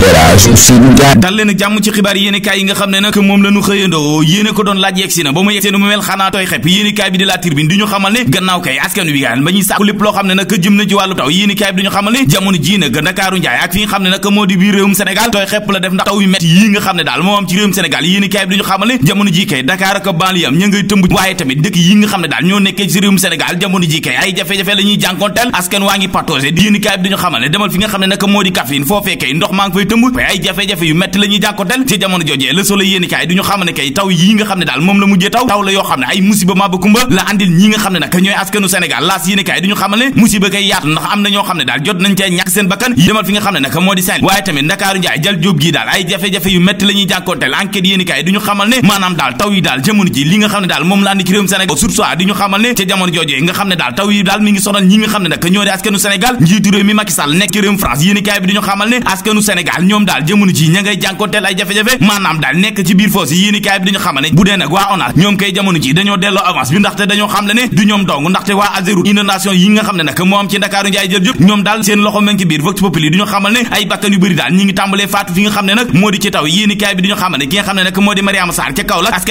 dal a ak jàmm ci xibaar yéenekaay yi nga xam ne nag moom la xëyandoo yéene bi di xamal ne demal fi nga xam ne nag moo di foofee kay ndox maa ngi fay koy tëmb ay jafe-jafe yu metti la ñuy ca jamono jojee nga xam ne daal taw yi daal mi ngi sonal ñi nga xam ne nag ñoo di askanu Sénégal njiitu réew mi Macky nekk ci réewum France yéen kaay bi du ñu xamal ne askanu Sénégal Sénégal ñoom daal jamono ji ña nga xam ne daal seen ca Kaolack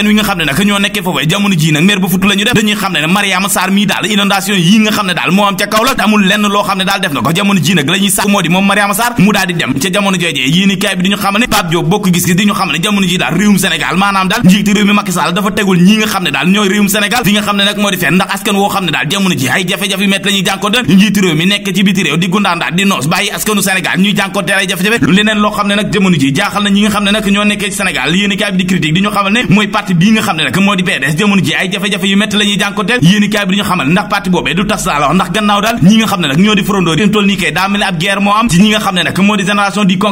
la ñu lenn loo xam ne daal def na ko jamono ji nag la ñuy moo di moom Mariama Sarr mu daal di dem ca jamono joojee yéenekaay bi di ñu xamal ne Pape Diop bokk gis-gis di ñu xamal ne jamono ji daal réewum Sénégal maanaam daal njiitu réew mi Macky Sall dafa tegul ñi nga xam ne daal ñooy réewum Sénégal di nga xam ne nag moo di fenn ndax askan woo xam ne daal jamono ji ay jafe-jafe yu metti la ñuy jànkonte njiitu réew mi nekk ci biti réew di gundaan daal di noos bàyyi askanu Sénégal ñuy jànkonte ay jafe-jafe leneen loo xam ne nag jamono ji jaaxal na ñi nga xam ne nag ñoo nekkee ci Sénégal yéenekaay bi di critique di ñu xamal ne mooy parti bi nga xam ne nag moo di PDS jamono ji ay jafe-jafe yu metti la ñuy jànkonteel yéenekaay bi di ñu xamal ndax parti boobee du tas laa la wax ndax gannaaw daal ñi nga xam ne nag ñoo di frondoo di toll nii kay daa mel ne ab guerre moo am ci ñi nga xam ne nag moo di génération di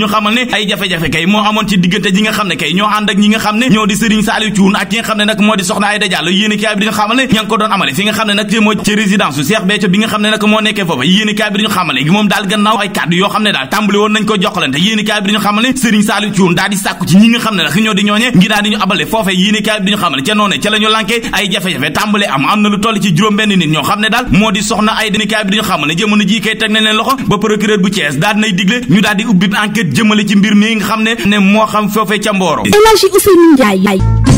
ñu xamal ne ay jafe-jafe kay moo amoon ci diggante ñi nga xam ne kay ñoo di Serigne Saliou Thioune ak ki nga xam ne nag moo di Soxna ay kàddu yoo bi dañu ñu xamal ne ca noone ca kay teg nañ leen loxo ba procureur bu Thiès daal digle ñu daal di ubbi jëmale ci mbir mi nga xam ne ne moo xam foofee ca Mboro. Elhadji Ousseynou Ndiaye